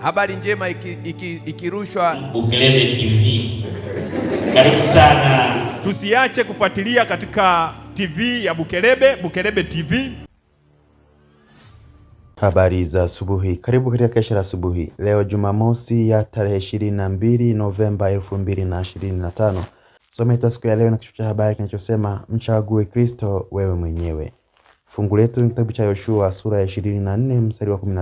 Habari njema ikirushwa iki, iki Bukelebe TV. Karibu sana, tusiache kufuatilia katika TV ya Bukelebe, Bukelebe TV. Habari za asubuhi, karibu katika kesha la asubuhi leo Jumamosi ya tarehe 22 Novemba 2025. mbili na Somo letu siku ya leo na kichwa cha habari kinachosema mchague Kristo wewe mwenyewe. Fungu letu ni kitabu cha Yoshua sura ya 24 mstari wa kumi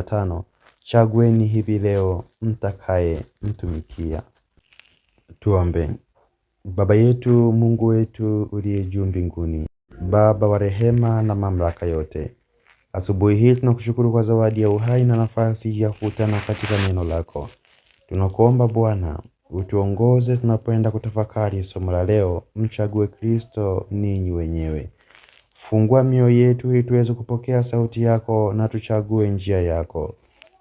Chagueni hivi leo mtakaye mtumikia. Tuombe. Baba yetu Mungu wetu uliye juu mbinguni, Baba wa rehema na mamlaka yote, asubuhi hii tunakushukuru kwa zawadi ya uhai na nafasi ya kukutana katika neno lako. Tunakuomba Bwana utuongoze tunapoenda kutafakari somo la leo. Mchague Kristo ninyi wenyewe. Fungua mioyo yetu ili tuweze kupokea sauti yako na tuchague njia yako.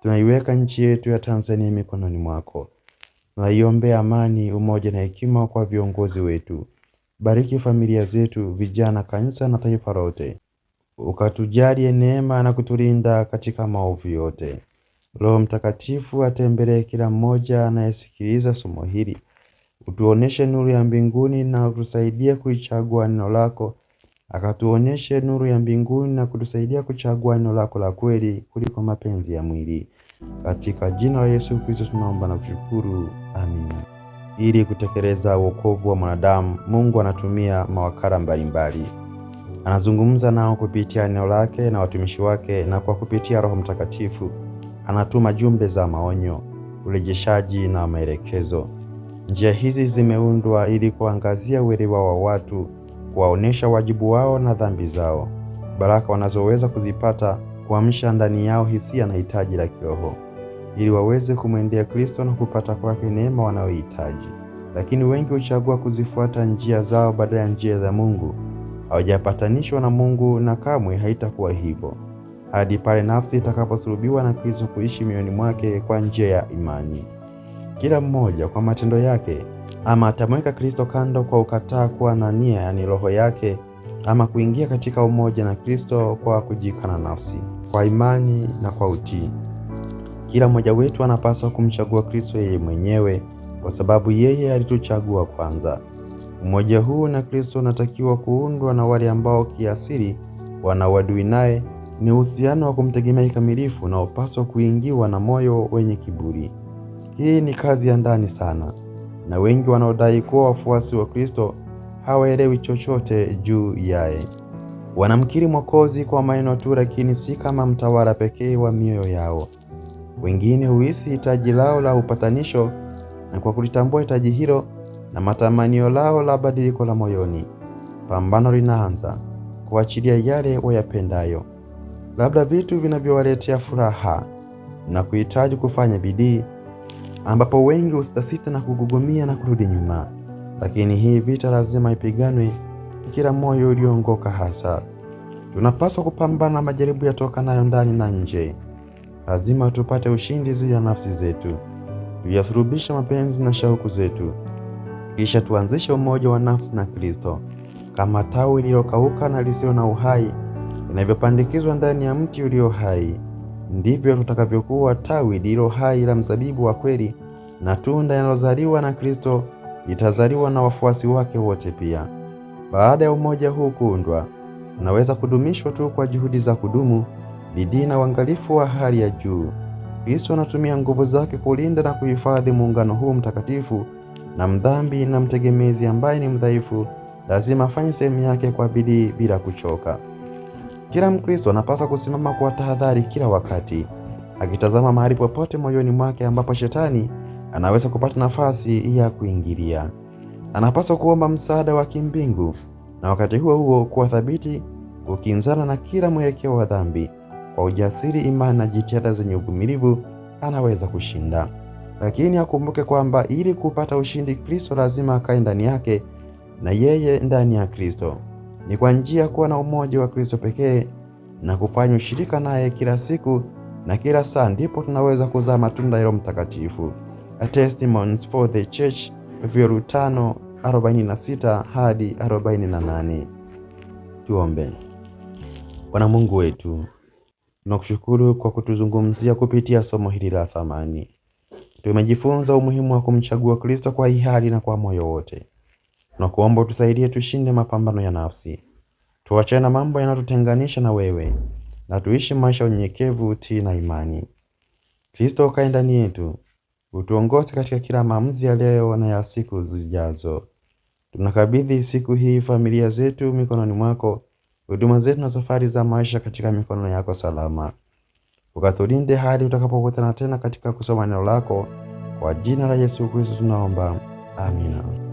Tunaiweka nchi yetu ya Tanzania mikononi mwako. naiombe amani, umoja na hekima kwa viongozi wetu. Bariki familia zetu, vijana, kanisa na taifa lote. Ukatujalie neema na kutulinda katika maovu yote. Roho Mtakatifu atembelee kila mmoja anayesikiliza somo hili, utuoneshe nuru ya mbinguni na utusaidie kuichagua neno lako. Akatuoneshe nuru ya mbinguni na kutusaidia kuchagua neno lako la kweli kuliko mapenzi ya mwili. Katika jina la Yesu Kristo tunaomba na kushukuru, amina. Ili kutekeleza wokovu wa mwanadamu, Mungu anatumia mawakala mbalimbali. Anazungumza nao kupitia neno lake na watumishi wake, na kwa kupitia Roho Mtakatifu anatuma jumbe za maonyo, urejeshaji na maelekezo. Njia hizi zimeundwa ili kuangazia uelewa wa watu, kuwaonesha wajibu wao na dhambi zao, baraka wanazoweza kuzipata kuamsha ndani yao hisia na hitaji la kiroho ili waweze kumwendea Kristo na kupata kwake neema wanayohitaji. Lakini wengi huchagua kuzifuata njia zao badala ya njia za Mungu. Hawajapatanishwa na Mungu na kamwe haitakuwa hivyo hadi pale nafsi itakaposulubiwa na Kristo kuishi mioyoni mwake kwa njia ya imani. Kila mmoja kwa matendo yake ama atamweka Kristo kando kwa ukataa kuwa na nia, yaani roho yake ama kuingia katika umoja na Kristo kwa kujikana nafsi, kwa imani na kwa utii. Kila mmoja wetu anapaswa kumchagua Kristo yeye mwenyewe kwa sababu yeye alituchagua kwanza. Umoja huu na Kristo unatakiwa kuundwa na wale ambao kiasili wana uadui naye. Ni uhusiano wa kumtegemea kikamilifu unaopaswa kuingiwa na moyo wenye kiburi. Hii ni kazi ya ndani sana, na wengi wanaodai kuwa wafuasi wa Kristo hawaelewi chochote juu yaye. Wanamkiri Mwokozi kwa maneno tu, lakini si kama mtawala pekee wa mioyo yao. Wengine huhisi hitaji lao la upatanisho, na kwa kulitambua hitaji hilo na matamanio lao la badiliko la moyoni, pambano linaanza kuachilia yale wayapendayo, labda vitu vinavyowaletea furaha na kuhitaji kufanya bidii, ambapo wengi husitasita na kugugumia na kurudi nyuma lakini hii vita lazima ipiganwe kila moyo uliongoka hasa. Tunapaswa kupambana majaribu yatokanayo ndani na nje. Lazima tupate ushindi dhidi ya nafsi zetu, tuyasurubisha mapenzi na shauku zetu, kisha tuanzishe umoja wa nafsi na Kristo kama tawi lililokauka na lisilo na uhai linavyopandikizwa ndani ya mti ulio hai, ndivyo tutakavyokuwa tawi lililo hai la mzabibu wa kweli na tunda linalozaliwa na Kristo itazaliwa na wafuasi wake wote pia. Baada ya umoja huu kuundwa, unaweza kudumishwa tu kwa juhudi za kudumu, bidii na uangalifu wa hali ya juu. Kristo anatumia nguvu zake kulinda na kuhifadhi muungano huu mtakatifu, na mdhambi na mtegemezi ambaye ni mdhaifu lazima afanye sehemu yake kwa bidii bila kuchoka. Kila Mkristo anapaswa kusimama kwa tahadhari kila wakati, akitazama mahali popote moyoni mwake ambapo shetani anaweza kupata nafasi ya kuingilia. Anapaswa kuomba msaada wa kimbingu na wakati huo huo kuwa thabiti kukinzana na kila mwelekeo wa dhambi. Kwa ujasiri, imani na jitihada zenye uvumilivu, anaweza kushinda. Lakini akumbuke kwamba ili kupata ushindi, Kristo lazima akae ndani yake na yeye ndani ya Kristo. Ni kwa njia ya kuwa na umoja wa Kristo pekee na kufanya ushirika naye kila siku na kila saa, ndipo tunaweza kuzaa matunda ya Roho Mtakatifu. Testimonies for the Church vyoru 5 hadi 48. Tuombe. Bwana Mungu wetu, tunakushukuru kwa kutuzungumzia kupitia somo hili la thamani. Tumejifunza umuhimu wa kumchagua Kristo kwa hiari na kwa moyo wote. Tunakuomba utusaidie tushinde mapambano ya nafsi, tuachane na mambo yanayotutenganisha na wewe, na tuishi maisha unyenyekevu, utii na imani. Kristo kae ndani yetu utuongoze katika kila maamuzi ya leo na ya siku zijazo. Tunakabidhi siku hii familia zetu mikononi mwako, huduma zetu na safari za maisha katika mikono yako salama, ukatulinde hadi utakapokutana tena katika kusoma neno lako. Kwa jina la Yesu Kristo tunaomba, amina.